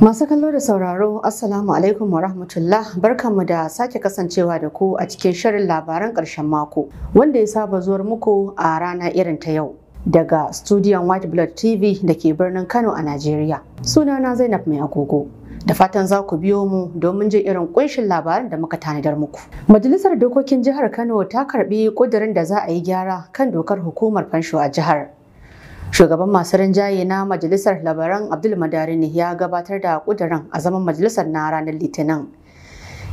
Masu kallo da sauraro, Assalamu alaikum wa rahmatullah, barkanmu da sake kasancewa da ku a cikin shirin labaran ƙarshen mako, wanda ya saba zuwar muku a rana irin ta yau. Daga studiyon White Blood TV da ke birnin Kano a Najeriya. Sunana Zainab Mai Agogo. da fatan za ku biyo mu domin jin irin ƙunshin labaran da muka tanadar muku. Majalisar Dokokin Jihar Kano ta karbi kudirin da za a yi gyara kan dokar hukumar fansho a jihar. Shugaban masu rinjaye na Majalisar Labaran Abdul Madarini ya gabatar da ƙudurin a zaman majalisar na ranar Litinin.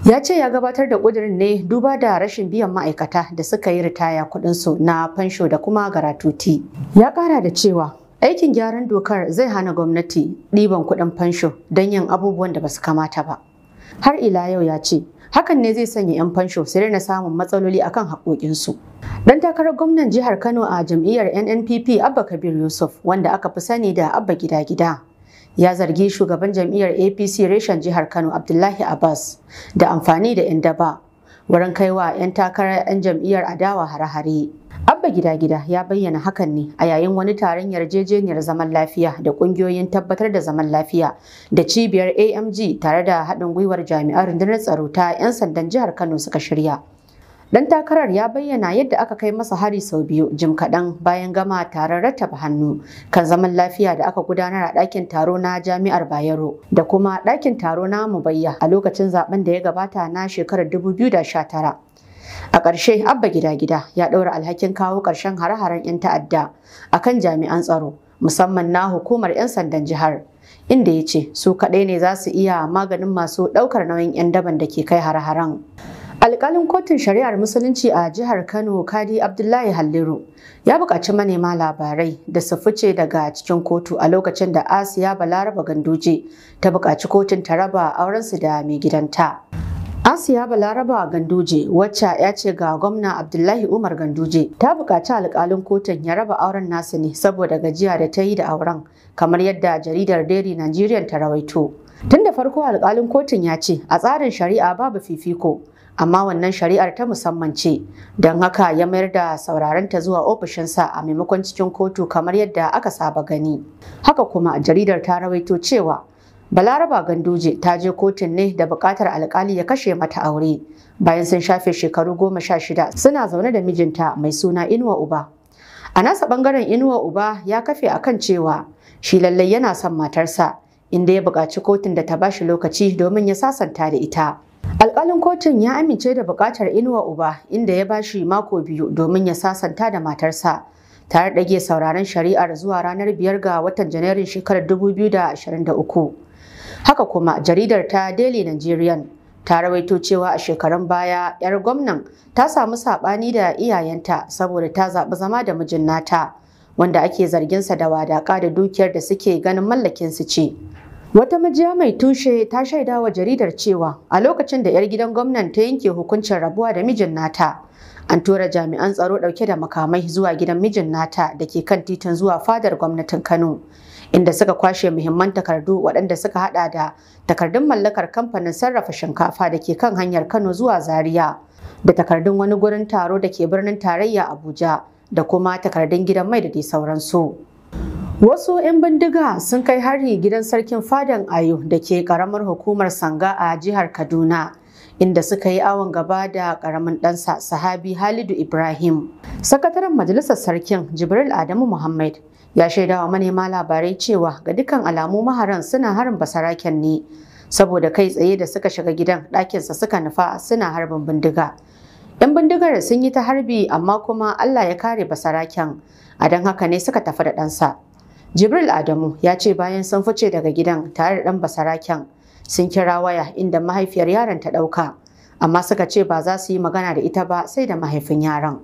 Ya ce ya gabatar da ƙudurin ne duba da rashin biyan ma'aikata da suka yi ritaya kuɗinsu na fansho da kuma garatuti. Ya ƙara da cewa aikin gyaran dokar zai hana gwamnati ɗiban kuɗin fansho don yin abubuwan da ba su kamata ba. Har ila yau ya ce hakan ne zai sanya 'yan fansho su rena samun matsaloli akan haƙoƙinsu. Dan takarar gwamnan jihar Kano a jam'iyyar NNPP Abba Kabir Yusuf wanda aka fi sani da Abba Gida Gida ya zargi shugaban jam'iyyar APC reshen jihar Kano Abdullahi Abbas da amfani da 'yan daba wurin kaiwa 'yan takarar 'yan jam'iyyar adawa hare-hare. Abba gida-gida ya bayyana hakan ne a yayin wani taron yarjejeniyar zaman lafiya da kungiyoyin tabbatar da zaman lafiya da cibiyar AMG tare da haɗin gwiwar Jami'ar rundunar tsaro ta 'yan sandan jihar Kano suka shirya. Dan takarar ya bayyana yadda aka kai masa hari sau biyu jim kaɗan bayan gama taron rattaba hannu kan zaman lafiya da aka gudanar a ɗakin taro na Jami'ar Bayero da kuma ɗakin taro na Mubayya a lokacin zaben da ya gabata na shekarar 2019. A ƙarshe Abba Gida Gida ya ɗaura alhakin kawo ƙarshen hare-haren 'yan ta'adda a kan jami'an tsaro musamman na hukumar 'yan sandan jihar inda ya ce su kaɗai ne za su iya maganin masu ɗaukar nauyin 'yan daban da ke kai hare-haren. Alƙalin kotun shari'ar musulunci a jihar kano kadi abdullahi halliru ya buƙaci manema labarai da su fice daga cikin kotu a lokacin da asiya balaraba ganduje ta buƙaci kotun ta raba aurensu da mai gidanta asiya balaraba ganduje wacce ya ce ga gwamna abdullahi umar ganduje ta buƙaci alƙalin kotun ya raba auren nasu ne saboda gajiya da ta yi da auren kamar yadda jaridar daily nigerian ta rawaito tun da farko alƙalin kotun ya ce a tsarin shari'a babu fifiko amma wannan shari'ar ta musamman ce don haka ya mayar da saurarenta zuwa ofishinsa a maimakon cikin kotu kamar yadda aka saba gani haka kuma jaridar ta rawaito cewa balaraba ganduje ta je kotun ne da bukatar alkali ya kashe mata aure bayan sun shafe shekaru goma sha shida suna zaune da mijinta mai suna inuwa uba a nasa bangaren inuwa uba ya kafe akan cewa shi lallai yana son matarsa inda ya buƙaci kotun da ta bashi lokaci domin ya sasanta da ita Alƙalin kotun ya amince da buƙatar Inuwa Uba inda ya ba shi mako biyu domin ya sasanta da matarsa. Tare ɗage sauraron shari'ar zuwa ranar biyar ga watan Janairun shekarar 2023. Haka kuma jaridar ta Daily Nigerian ta rawaito cewa a shekarun baya 'yar gwamnan ta samu saɓani da iyayenta saboda ta zaɓi zama da mijin nata wanda ake zarginsa da wadaƙa da dukiyar da suke ganin mallakinsu ce. Wata majiya mai tushe ta shaida wa jaridar cewa a lokacin da 'yar gidan gwamnan ta yanke hukuncin rabuwa da mijin nata, an tura jami'an tsaro ɗauke da makamai zuwa gidan mijin nata da ke kan titin zuwa fadar gwamnatin Kano, inda suka kwashe muhimman takardu waɗanda suka haɗa da takardun mallakar kamfanin sarrafa shinkafa da ke kan hanyar Kano zuwa Zaria, da takardun wani gurin taro da ke birnin tarayya Abuja, da kuma takardun gidan mai da dai sauransu. Wasu 'yan bindiga sun kai hari gidan sarkin fadan Ayo da ke karamar hukumar Sanga a jihar Kaduna, inda suka yi awon gaba da karamin ɗansa sahabi Halidu Ibrahim. Sakataren Majalisar Sarkin Jibril Adamu Muhammad ya shaida wa manema labarai cewa ga dukkan alamu maharan suna harin basaraken ne, saboda kai tsaye da suka shiga gidan ɗakinsa suka nufa suna harbin bindiga. 'Yan bindigar sun yi ta harbi amma kuma Allah ya kare basaraken, a don haka ne suka tafi da ɗansa. Jibril Adamu ya ce bayan sun fice daga gidan tare da ɗan basaraken sun kira waya inda mahaifiyar yaron ta ɗauka amma suka ce ba za su yi magana da ita ba sai da mahaifin yaron.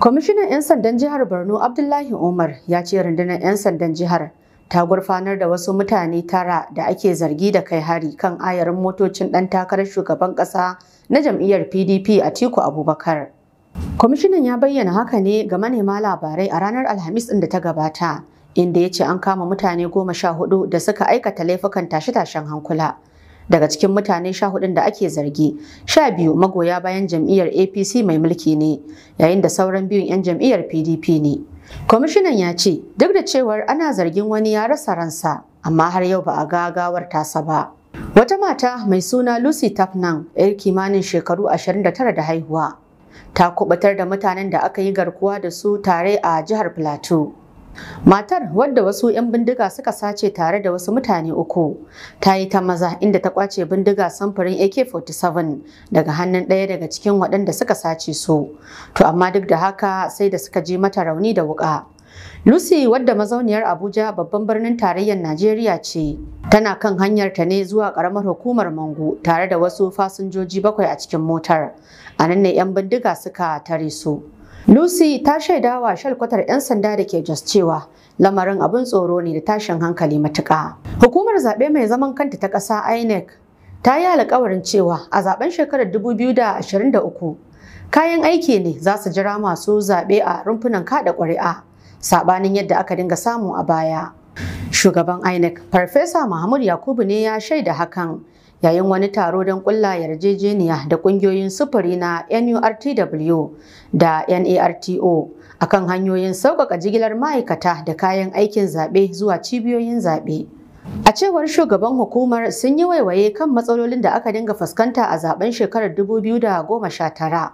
Kwamishinan 'yan sandan jihar Borno Abdullahi Umar ya ce rundunar 'yan sandan jihar ta gurfanar da wasu mutane tara da ake zargi da kai hari kan ayarin motocin ɗan takarar shugaban ƙasa na jam'iyyar PDP a Tiku Abubakar. Kwamishinan ya bayyana haka ne ga manema labarai a ranar Alhamis ɗin da ta gabata inda ya ce an kama mutane goma sha hudu da suka aikata laifukan tashe-tashen hankula. Daga cikin mutane sha hudun da ake zargi, sha biyu magoya bayan jam'iyyar APC mai mulki ne, yayin da sauran biyun 'yan jam'iyyar PDP ne. Kwamishinan ya ce, duk da cewar ana zargin wani ya rasa ransa, amma har yau ba a ga gawar tasa ba. Wata mata mai suna Lucy Tapnan, 'yar kimanin shekaru ashirin da tara da haihuwa, ta kubutar da mutanen da aka yi garkuwa da su tare a jihar Plateau. Matar wadda wasu 'yan bindiga suka sace tare da wasu mutane uku ta yi ta maza inda ta kwace bindiga samfurin AK-47 daga hannun ɗaya daga cikin waɗanda suka sace su. To amma duk da haka sai da suka je mata rauni da wuƙa. Lucy wadda mazauniyar Abuja babban birnin tarayyar Najeriya ce tana kan hanyar ta ne zuwa ƙaramar hukumar Mangu tare da wasu fasinjoji bakwai a cikin motar. A nan ne 'yan bindiga suka tare su. Lucy ta shaidawa shalkwatar 'yan sanda da ke Jos cewa lamarin abin tsoro ne da tashin hankali matuƙa. Hukumar zaɓe mai zaman kanta ta ƙasa INEC ta yi alƙawarin cewa a zaɓen shekarar 2023 kayan aiki ne za su jira masu zaɓe a rumfunan kaɗa ƙuri'a saɓanin yadda aka dinga samu a baya. Shugaban INEC Farfesa Mahmud Yakubu ne ya shaida hakan yayin wani taro don kulla yarjejeniya da kungiyoyin sufuri na NURTW da NARTO akan hanyoyin sauƙaƙa jigilar ma'aikata da kayan aikin zaɓe zuwa cibiyoyin zaɓe. A cewar shugaban hukumar sun yi waiwaye kan matsalolin da aka dinga fuskanta a zaben shekarar 2019.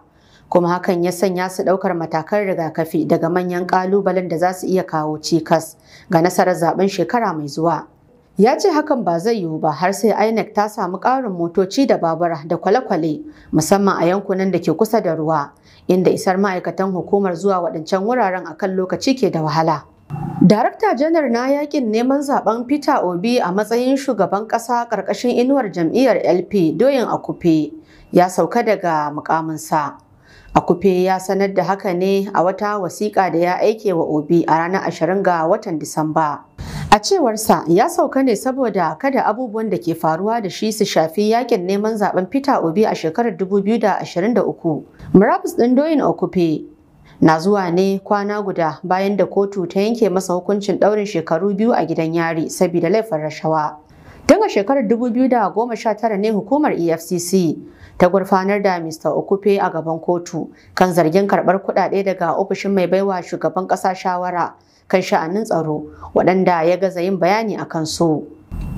kuma hakan ya sanya su ɗaukar matakan rigakafi daga manyan ƙalubalen da za su iya kawo cikas ga nasarar zaben shekara mai zuwa. ya ce hakan ba zai yiwu ba har sai inec ta samu ƙarin motoci da babura da kwale-kwale musamman a yankunan da ke kusa da ruwa inda isar ma'aikatan hukumar zuwa waɗancan wuraren a kan lokaci ke da wahala Darakta janar na yakin neman zaben Peter Obi a matsayin shugaban ƙasa ƙarƙashin inuwar jam'iyyar LP doyin akufe ya sauka daga mukaminsa. Akufe ya sanar da haka ne a wata wasiƙa da ya aike wa Obi a ranar 20 ga watan Disamba. A cewarsa ya sauka ne saboda kada abubuwan da ke faruwa da shi su shafi yakin neman zaben Peter Obi a shekarar 2023. Murabus ɗin Doyin Okupe na zuwa ne kwana guda bayan da kotu ta yanke masa hukuncin ɗaurin shekaru biyu a gidan yari saboda laifin rashawa. Tun a shekarar 2019 ne hukumar EFCC ta gurfanar da Mr. Okupe a gaban kotu kan zargin karɓar kuɗaɗe daga ofishin mai baiwa shugaban ƙasa shawara kan sha'anin tsaro waɗanda ya gaza yin bayani a kansu.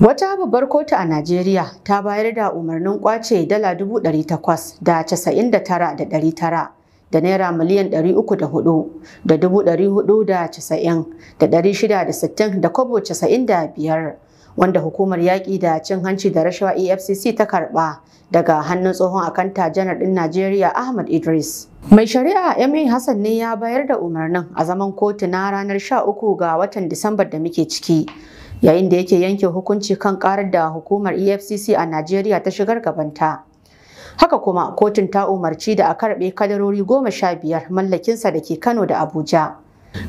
Wata babbar kotu a Najeriya ta bayar da umarnin kwace dala dubu ɗari takwas da casa'in da tara da ɗari tara da naira miliyan ɗari uku da hudu da dubu ɗari hudu da casa'in da ɗari shida da sittin da kobo casa'in da biyar wanda hukumar yaƙi da cin hanci da rashawa efcc ta karɓa daga hannun tsohon akanta janar ɗin najeriya ahmad idris mai shari'a ma hassan ne ya bayar da umarnin a zaman kotu na ranar 13 ga watan disambar da muke ciki yayin da yake yanke hukunci kan karar da hukumar efcc a najeriya ta shigar gabanta haka kuma kotun ta umarci da a karɓe kadarori goma sha biyar mallakinsa da ke kano da abuja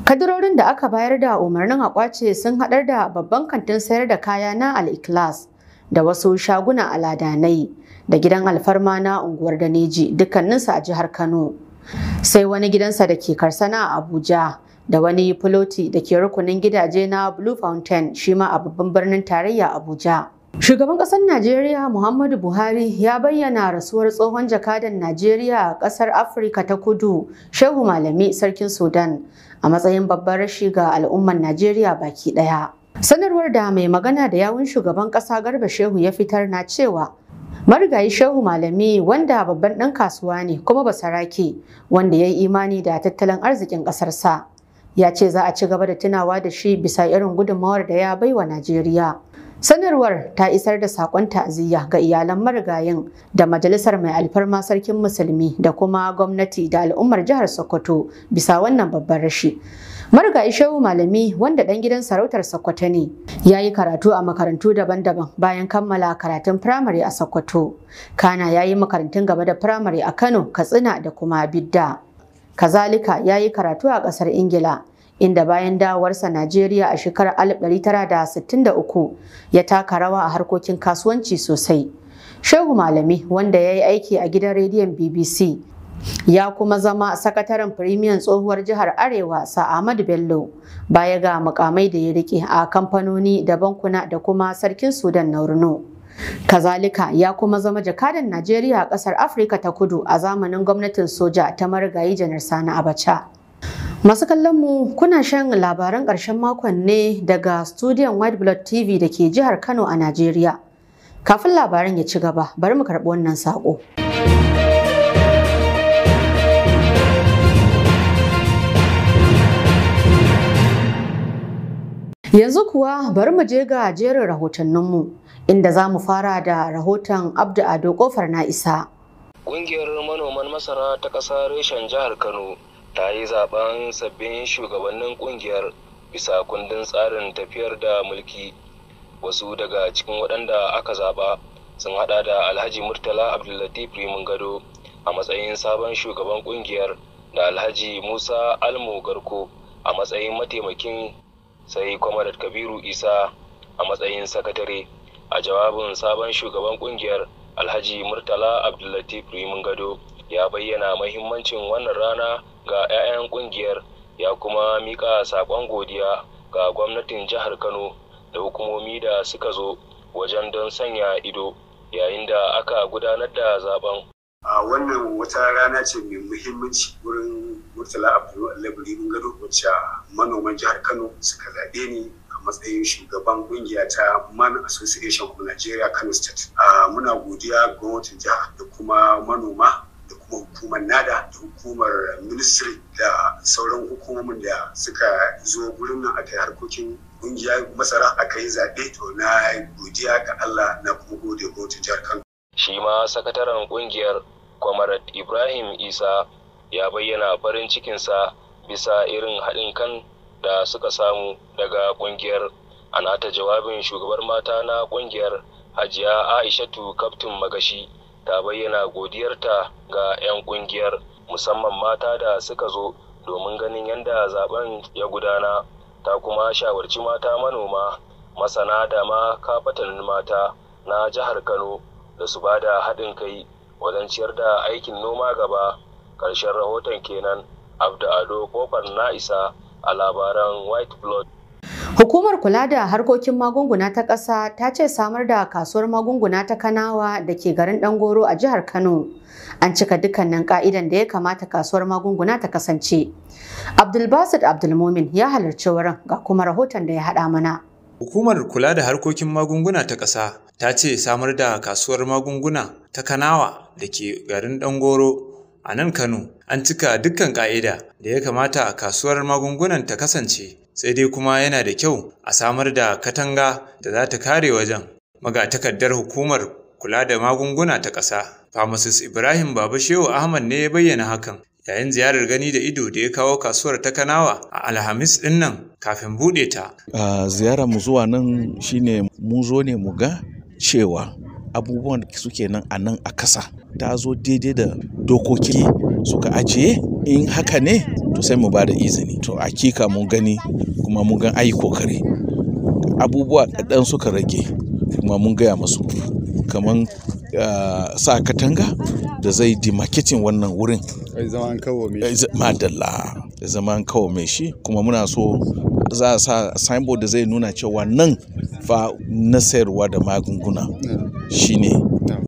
Kadirorin da aka bayar da umarnin a kwace sun haɗar da babban kantin sayar da kaya na Al-Ikhlas da wasu shaguna aladanai da gidan alfarma na unguwar Daneji dukkaninsu a jihar Kano. Sai wani gidansa da ke karsana a Abuja da wani filoti da ke rukunin gidaje na Blue Fountain shi ma a babban birnin tarayya Abuja. Shugaban ƙasar Najeriya Muhammadu Buhari ya bayyana rasuwar tsohon jakadan Najeriya a ƙasar Afirka ta Kudu, Shehu Malami Sarkin Sudan a matsayin babbar rashi ga al'ummar Najeriya baki ɗaya. Sanarwar da mai magana da yawun shugaban ƙasa Garba Shehu ya fitar na cewa Marigayi Shehu Malami wanda babban ɗan kasuwa ne kuma basarake wanda ya yi imani da tattalin arzikin ƙasarsa. Ya ce za a ci gaba da tunawa da shi bisa irin gudunmawar da ya baiwa Najeriya. Sanarwar ta isar da sakon ta'aziyya ga iyalan marigayin da Majalisar Mai Alfarma Sarkin Musulmi da kuma gwamnati da al'ummar jihar Sokoto bisa wannan babban rashi. Marigayi Shehu Malami wanda ɗan gidan sarautar Sokoto ne ya yi karatu a makarantu daban-daban bayan kammala karatun firamare a Sokoto. Kana ya yi makarantun gaba da firamare a Kano, Katsina da kuma Bidda. Kazalika ya yi karatu a ƙasar Ingila inda bayan dawarsa Najeriya a shekarar 1963 ya taka rawa a harkokin kasuwanci sosai. Shehu Malami wanda ya yi aiki a gidan rediyon BBC ya kuma zama sakataren firimiyan tsohuwar jihar Arewa sa Ahmad Bello baya ga mukamai da ya rike a kamfanoni da bankuna da kuma sarkin Sudan na Urno. Kazalika ya kuma zama jakadan Najeriya a ƙasar Afirka ta kudu a zamanin gwamnatin soja ta marigayi janar Sani Abacha. Masu kallon mu kuna shan labaran ƙarshen makon ne daga studion White Blood TV da ke jihar Kano a Najeriya. Kafin labaran ya ci gaba, bari mu karɓi wannan saƙo. Yanzu kuwa bari mu je ga jerin rahotanninmu, inda za mu fara da rahoton Abdu Ado Kofar na isa. Ƙungiyar manoman masara ta ƙasa reshen jihar Kano ta yi zaben sabbin shugabannin kungiyar bisa kundin tsarin tafiyar da mulki wasu daga cikin waɗanda aka zaba sun hada da alhaji murtala abdullatif rimin gado a matsayin sabon shugaban kungiyar da alhaji musa almu garko a matsayin mataimakin sai kwamarat kabiru isa a matsayin sakatare a jawabin sabon shugaban kungiyar alhaji murtala abdullatif rimin gado ya bayyana mahimmancin wannan rana ga 'ya'yan kungiyar ya kuma mika saƙon godiya ga gwamnatin jihar kano da hukumomi da suka zo wajen don sanya ido yayin da aka gudanar da zaben a wannan wata rana ce mai muhimmanci wurin murtala abdullahi mun gado wacce manoman jihar kano suka zaɓe ni a matsayin shugaban kungiya ta man association of nigeria kano state muna godiya ga gwamnatin jihar da kuma manoma hukumar nada da hukumar ministry da sauran hukumomin da suka zo gurin nan aka yi harkokin kungiya masara aka yi zaɓe to na godiya ga Allah na kuma gode kotu jihar Kano. Shi ma sakataren kungiyar Kwamarat Ibrahim Isa ya bayyana farin cikinsa bisa irin haɗin kan da suka samu daga kungiyar a nata jawabin shugabar mata na kungiyar Hajiya Aishatu Kaftin Magashi. ta bayyana godiyarta ga 'yan kungiyar musamman mata da suka zo domin ganin yadda zaben ya gudana ta kuma shawarci mata manoma masana da ma kafatanin mata na jihar kano da su ba da haɗin kai wajen ciyar da aikin noma gaba ƙarshen rahoton kenan abdu ado kofar na isa a labaran white blood Hukumar kula da harkokin magunguna ta ƙasa ta ce samar da kasuwar magunguna ta Kanawa da ke garin Dangoro a jihar Kano. An cika dukkanin ka'idan da ya kamata kasuwar magunguna ta kasance. Abdulbasit Abdulmumin ya halarci wurin ga kuma rahoton da ya haɗa mana. Hukumar kula da harkokin magunguna ta ƙasa ta ce samar da kasuwar magunguna ta Kanawa da ke garin Dangoro a nan Kano an cika dukkan ka'ida da ya kamata kasuwar magungunan ta kasance. sai dai kuma yana da kyau a samar da katanga da za ta kare wajen magatakardar hukumar kula da magunguna ta ƙasa pharmacist ibrahim baba shehu ahmad ne ya bayyana hakan yayin ziyarar gani da ido da ya kawo kasuwar ta kanawa a alhamis ɗin nan kafin buɗe ta uh, ziyarar mu zuwa nan shine mu zo ne mu ga cewa abubuwan da suke nan a nan a kasa ta zo daidai da dokoki suka ajiye in haka ne to sai mu ba da izini to hakika mun gani kuma mun gan ayi kokari abubuwa kaɗan suka rage kuma mun gaya masu kamar ah, sa katanga da zai dimaketin wannan wurin madalla zama an kawo mai shi kuma muna so za a sa signboard da zai nuna cewa nan fa na sayarwa da magunguna shine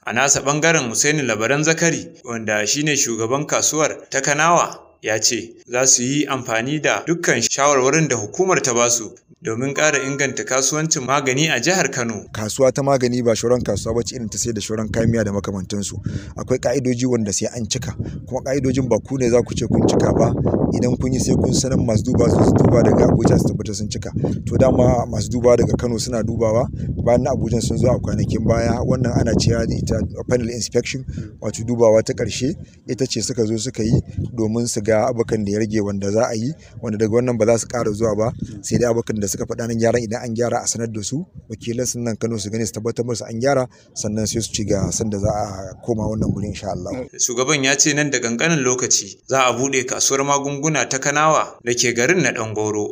a nasa ɓangaren Husaini Labaran Zakari wanda shine shugaban kasuwar ta Kanawa ya ce za su yi amfani da dukkan shawarwarin da hukumar ta basu domin ƙara inganta kasuwancin magani a jihar Kano. Kasuwa ta magani ba shoran kasuwa ba ce irin ta sai da shoran kamiya da makamantansu. Akwai ka'idoji wanda sai an cika, kuma ka'idojin ba ku ne za ku ce kun cika ba idan kun yi sai kun sanar masu duba su duba daga Abuja su tabbata sun cika. To dama masu duba daga Kano suna dubawa bayan na Abuja sun zo a kwanakin baya wannan ana cewa ita panel inspection wato dubawa ta ƙarshe ita ce suka zo suka yi domin su ga abukan da ya rage wanda za a yi wanda daga wannan ba za su ƙara zuwa ba sai dai abukan da suka faɗa nan gyaran idan an gyara a sanar da su wakilan sun nan Kano su gane su tabbatar musu an gyara sannan sai su ci ga sanda za a koma wannan wurin. insha Allah. Shugaban ya ce nan da kankanin lokaci za a buɗe kasuwar magunguna ta Kanawa da ke garin na Dangoro.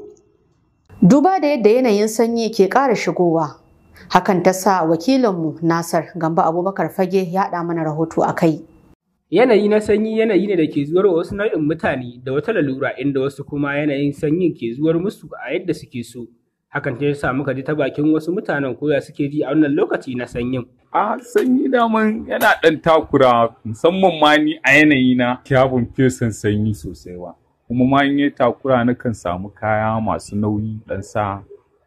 Duba da yadda yanayin sanyi ke ƙara shigowa hakan ta sa wakilanmu Nasar gambo Abubakar Fage ya haɗa mana rahoto a kai. Yanayi na sanyi yanayi ne da ke zuwar wa wasu nau'in mutane da wata lalura inda wasu kuma yanayin sanyin ke zuwar musu a yadda suke so. Hakan ta yasa muka ji ta bakin wasu mutanen koya suke ji a wannan lokaci na sanyin. A sanyi daman yana ɗan takura musamman ma ni a yanayi na kyabun fesan sanyi sosai ba. Kuma ma in takura na kan samu kaya masu nauyi ɗan sa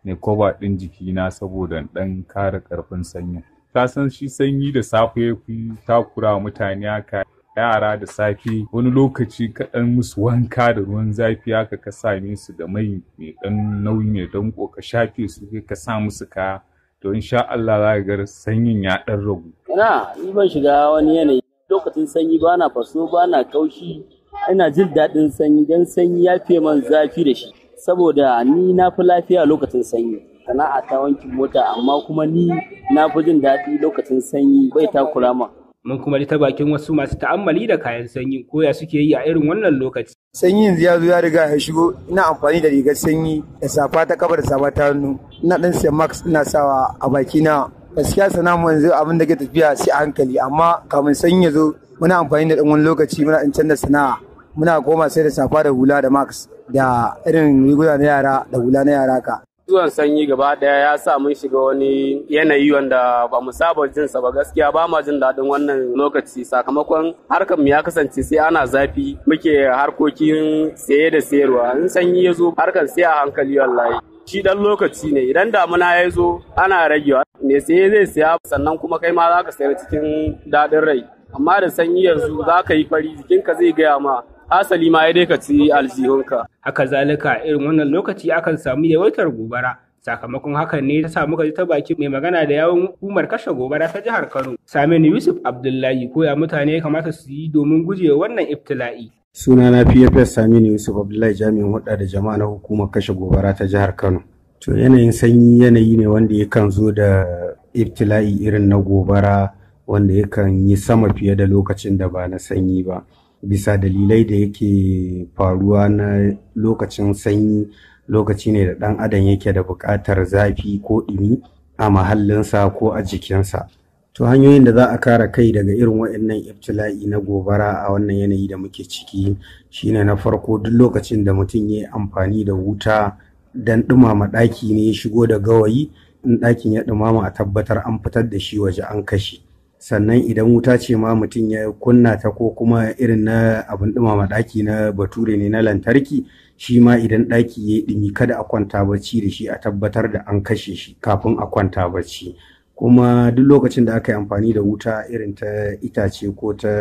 ne kwaba ɗin jikina saboda ɗan kare ƙarfin sanyin. Ka san shi sanyi da safe ya fi takura mutane haka yara da safe wani lokaci kaɗan musu wanka da ruwan zafi haka ka same su da mai mai ɗan nauyi mai danko ka shafe su ka sa musu kaya to insha Allah za ka ga sanyin ya ɗan ragu. Ina ni ban shiga wani yanayi lokacin sanyi ba na faso ba na kaushi ina jin daɗin sanyi don sanyi ya fiye man zafi da shi saboda ni na fi lafiya lokacin sanyi. sana'a ta wankin mota amma kuma ni na fi jin daɗi lokacin sanyi bai takura ma. mun kuma ta bakin wasu masu ta'ammali da kayan sanyi koya suke yi a irin wannan lokaci. Sanyi ya zo ya riga ya shigo ina amfani da rigar sanyi da safa ta kafa da safa ta hannu ina dan siyan max ina sawa a baki bakina gaskiya sana mu yanzu abin da ke tafiya sai a hankali amma kamin sanyi ya zo muna amfani da ɗan wani lokaci muna in canza sana'a muna koma sai da safa da hula da max da irin riguna na yara da hula na yara ka. Zuwan sanyi gaba daya ya sa mun shiga wani yanayi wanda ba mu saba jin sa ba gaskiya ba ma jin daɗin wannan lokaci sakamakon harkar mu ya kasance sai ana zafi muke harkokin saye da sayarwa in sanyi ya zo harkar sai a hankali wallahi. Shi dan lokaci ne idan damuna ya zo ana ragewa me saye zai saya sannan kuma kai ma za ka sayar cikin daɗin rai amma da sanyi yanzu za ka yi fari jikinka zai gaya ma asali ma ya dai ka ci aljihunka. Haka zalika irin wannan lokaci akan samu yawaitar gobara sakamakon hakan ne ta samu ka ta baki mai magana da yawon hukumar kashe gobara ta jihar Kano. Saminu Yusuf Abdullahi koya mutane ya kamata su yi domin gujewa wannan iftila'i. ibtila'i. Sunana PFS Saminu Yusuf Abdullahi jami'in hudda da jama'a na hukumar kashe gobara ta jihar Kano. To yanayin sanyi yanayi ne wanda yakan zo da ibtila'i irin na gobara wanda yakan yi sama fiye da lokacin da ba na sanyi ba. bisa dalilai da yake faruwa na lokacin sanyi lokaci ne da ɗan adam yake da buƙatar zafi ko ɗumi a mahallinsa ko a jikinsa to hanyoyin da za a kare kai daga irin waɗannan ibtila'i na gobara a wannan yanayi da muke ciki shine na farko duk lokacin da mutum ya yi amfani da wuta don ɗumama ɗaki ne ya shigo da gawayi in ɗakin ya ɗumama a tabbatar an fitar da shi waje an kashe sannan idan wuta ce ma mutum ya kunna ta ko kuma irin na abin dumama ɗaki na bature ne na lantarki shi ma idan ɗaki ya ɗumi kada a kwanta bacci da shi a tabbatar da an kashe shi kafin a kwanta bacci kuma duk lokacin da aka yi amfani da wuta irin ta itace ko ta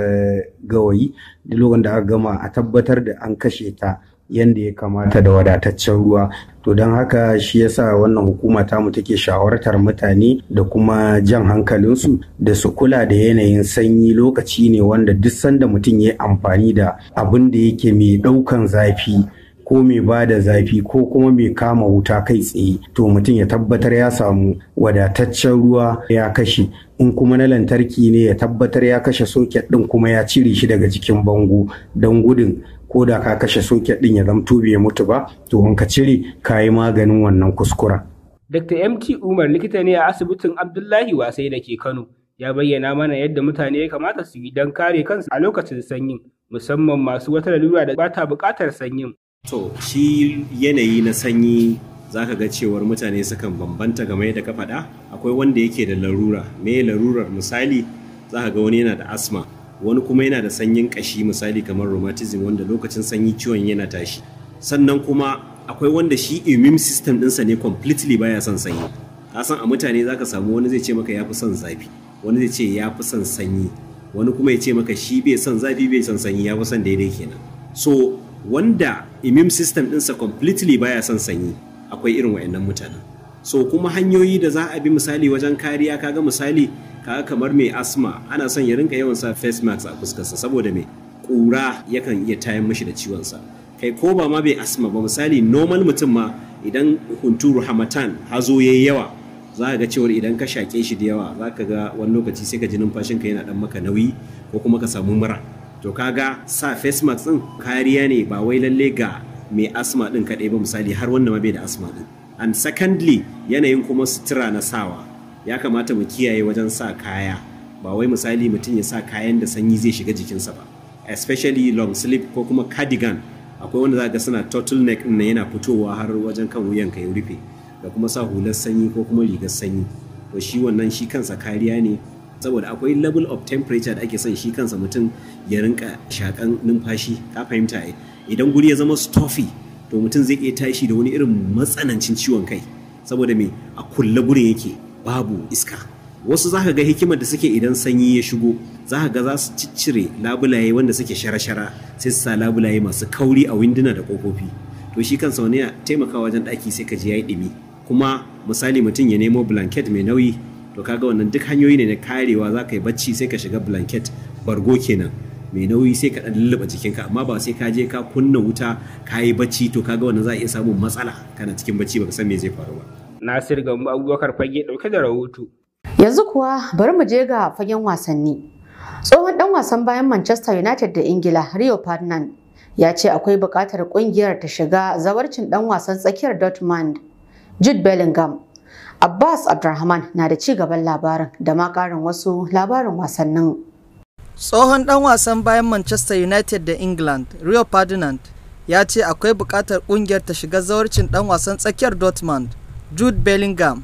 gawayi duk lokacin da aka gama a tabbatar da an kashe ta yadda ya kamata da wadataccen ruwa to don haka shi yasa wannan hukuma tamu take shawartar mutane da kuma jan hankalinsu da su kula da yanayin sanyi lokaci ne wanda duk sanda mutum ya amfani da abin da yake mai ɗaukan zafi ko mai ba da zafi ko kuma mai kama wuta kai tsaye to mutum ya tabbatar ya samu wadataccen ruwa ya kashe in kuma na lantarki ne ya tabbatar ya kashe soket ɗin kuma ya cire shi daga cikin bango don gudun ko da ka kashe soket ɗin ya zamto bai mutu ba to in ka cire ka yi maganin wannan kuskura. Dr. MT Umar likita ne a asibitin Abdullahi Wasai da ke Kano ya bayyana mana yadda mutane ya kamata su yi don kare kansu a lokacin sanyin musamman masu wata lalura da ba ta buƙatar sanyin. To shi yanayi na sanyi zaka ga cewar mutane sukan bambanta game da ka faɗa akwai wanda yake da larura me larurar misali zaka ga wani yana da asma wani kuma yana da sanyin kashi misali kamar rheumatism wanda lokacin sanyi ciwon yana tashi sannan kuma akwai wanda shi immune system ɗinsa ne completely baya son sanyi ka san a mutane zaka samu wani zai ce maka ya fi son zafi wani zai ce ya fi son sanyi wani kuma ya ce maka shi bai son zafi bai son sanyi ya fi son daidai kenan so wanda immune system ɗinsa completely baya son sanyi akwai irin wa'annan mutanen so kuma hanyoyi da za a bi misali wajen kariya kaga misali ka kamar mai asma ana son ya rinka yawan sa face mask a fuskarsa saboda me ƙura yakan iya tayan mashi da ciwon sa kai ko ba ma bai asma ba misali normal mutum ma idan hunturu hamatan hazo yayi yawa za ga cewa idan ka shake shi da yawa za ka ga wani lokaci sai ka ji numfashin ka yana dan maka nauyi ko kuma ka samu mura to kaga sa face mask din kariya ne ba wai lalle ga mai asma din kadai ba misali har wanda ma bai da asma din. and secondly yanayin kuma sutura na sawa ya kamata mu kiyaye wajen sa kaya ba wai misali mutum ya sa kayan da sanyi zai shiga jikinsa ba especially long sleeve ko kuma cardigan akwai wanda za ka suna turtle neck na yana fitowa har wajen kan wuyan ka ya rufe da kuma sa hular sanyi ko kuma rigar sanyi to shi wannan shi kansa kariya ne saboda akwai level of temperature da ake son shi kansa mutum ya rinka shakan numfashi ka fahimta ai idan guri ya zama stuffy to mutum zai iya tashi da wani irin matsanancin ciwon kai saboda me a kulle gurin yake babu iska wasu za ka ga hikimar da suke idan sanyi ya shigo za ka ga za su ciccire labulaye wanda suke shara-shara sai su sa labulaye masu kauri a winduna da kofofi to shi kansa wani ya taimaka wajen ɗaki sai ka ji ya yi ɗumi kuma misali mutum ya nemo blanket mai nauyi to kaga wannan duk hanyoyi ne na karewa za ka yi bacci sai ka shiga blanket bargo kenan mai nauyi sai ka ɗan lulluɓa jikinka amma ba sai ka je ka kunna wuta ka yi bacci to kaga wannan za a iya samun matsala kana cikin bacci ba ka san me zai faru ba Nasir Gambo Abubakar Fage ɗauke da rahoto. Yanzu kuwa bari mu je ga fagen wasanni. Tsohon ɗan wasan bayan Manchester United da Ingila Rio Ferdinand ya ce akwai buƙatar ƙungiyar ta shiga zawarcin ɗan wasan tsakiyar Dortmund Jude Bellingham. Abbas Abdurrahman na da ci gaban labarin da ma ƙarin wasu labarin wasannin. Tsohon ɗan wasan bayan Manchester United da England Rio Ferdinand ya ce akwai buƙatar ƙungiyar ta shiga zawarcin ɗan wasan tsakiyar Dortmund jude bellingham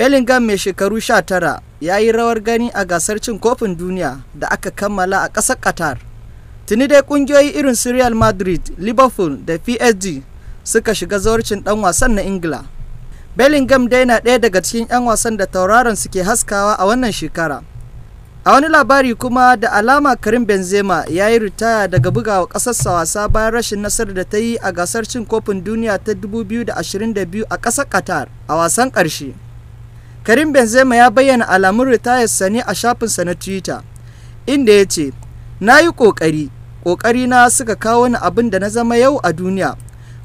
bellingham mai shekaru 19 ya yi rawar gani a gasar cin kofin duniya da aka kammala a ƙasar qatar tuni dai ƙungiyoyi irin su real madrid liverpool da psg suka shiga zawarcin ɗan wasan na ingila bellingham dai na ɗaya daga cikin 'yan wasan da tauraron suke haskawa a wannan shekara a wani labari kuma da alama karim benzema ya yi ritaya daga bugawa ƙasarsa wasa bayan rashin nasarar da ta yi a gasar cin kofin duniya ta 2022 a ƙasar qatar a wasan ƙarshe karim benzema ya bayyana alamun ritayarsa ne a shafinsa na twitter inda ya ce na yi ƙoƙari ƙoƙari na suka kawo ni abin da na zama yau a duniya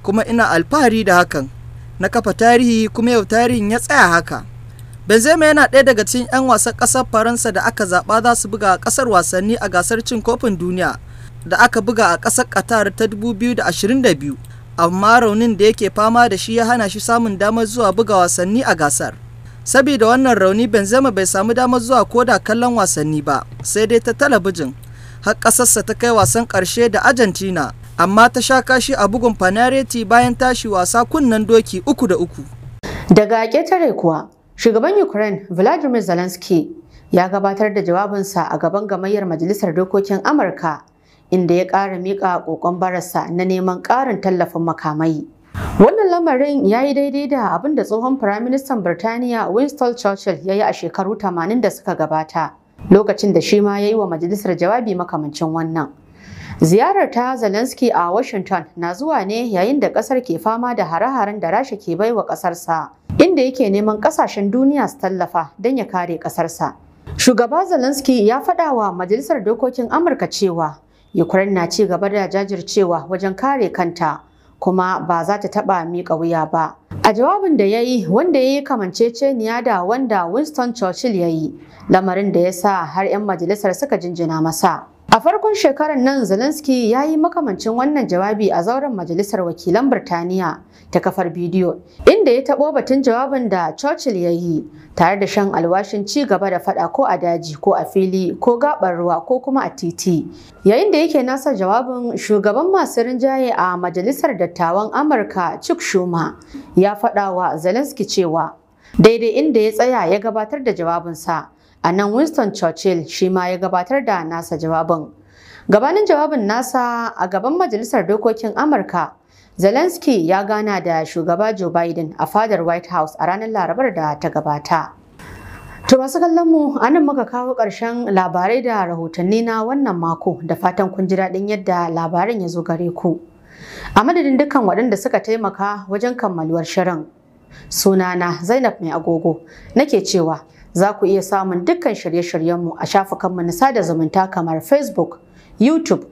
kuma ina alfahari da hakan na kafa tarihi kuma yau tarihin ya tsaya haka Benzema yana ɗaya daga cikin 'yan wasan ƙasar Faransa da aka zaɓa za su buga a ƙasar wasanni a gasar cin kofin duniya da aka buga a ƙasar Qatar ta 2022, amma raunin da yake fama da shi ya hana shi samun damar zuwa buga wasanni a gasar. sabida wannan rauni Benzema bai samu damar zuwa ko da kallon wasanni ba, sai dai ta talabijin. Har ƙasarsa ta kai wasan ƙarshe da Argentina, amma ta sha kashi a bugun Fanareti bayan tashi wasa kunnen doki uku da uku. Daga ƙetare kuwa, Shugaban Ukraine Vladimir Zelensky ya gabatar da jawabinsa a gaban gamayyar Majalisar Dokokin Amurka inda ya ƙara miƙa ƙoƙon barasa na neman ƙarin tallafin makamai. Wannan lamarin ya yi daidai da abin da tsohon Firaministan Birtaniya Winston Churchill ya yi a shekaru 80 da suka gabata, lokacin da shi ma ya yi wa majalisar jawabi makamancin wannan. Ziyarar ta Zelensky a Washington na zuwa ne yayin da kasar ke fama da hare-haren da Rasha ke baiwa kasarsa, inda yake neman kasashen duniya su tallafa don ya kare kasarsa. Shugaba Zelensky ya faɗa wa Majalisar Dokokin Amurka cewa Ukraine na ci gaba da jajircewa wajen kare kanta kuma ba za ta taɓa miƙa wuya ba. A jawabin da ya yi wanda ya yi kamanceceniya da wanda Winston Churchill ya yi, lamarin da ya sa har 'yan majalisar suka jinjina masa. A farkon shekarar nan Zelensky ya yi makamancin wannan jawabi a zauren Majalisar Wakilan Birtaniya ta kafar bidiyo, inda ya taɓo batun jawabin da Churchill ya yi tare da shan alwashin ci gaba da faɗa ko a daji ko a fili ko gaɓar ruwa ko kuma a titi. Yayin da yake nasa jawabin shugaban masu rinjaye a Majalisar Dattawan Amurka Chuck Schumer ya faɗa wa Zelensky cewa daidai inda ya tsaya ya gabatar da jawabinsa. a nan winston churchill shi ma ya gabatar da nasa jawabin gabanin jawabin nasa a gaban majalisar dokokin amurka zelensky ya gana da shugaba joe biden a fadar white house a ranar larabar da ta gabata To masu kallon mu anan muka kawo ƙarshen labarai da rahotanni na wannan mako da fatan kun ji daɗin yadda labarin ya zo gare ku. A madadin dukkan waɗanda suka taimaka wajen kammaluwar shirin. Sunana Zainab Mai Agogo nake cewa Za ku iya samun dukkan shirye-shiryenmu a shafukanmu na sada zumunta kamar Facebook, YouTube,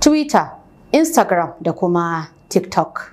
Twitter, Instagram da kuma TikTok.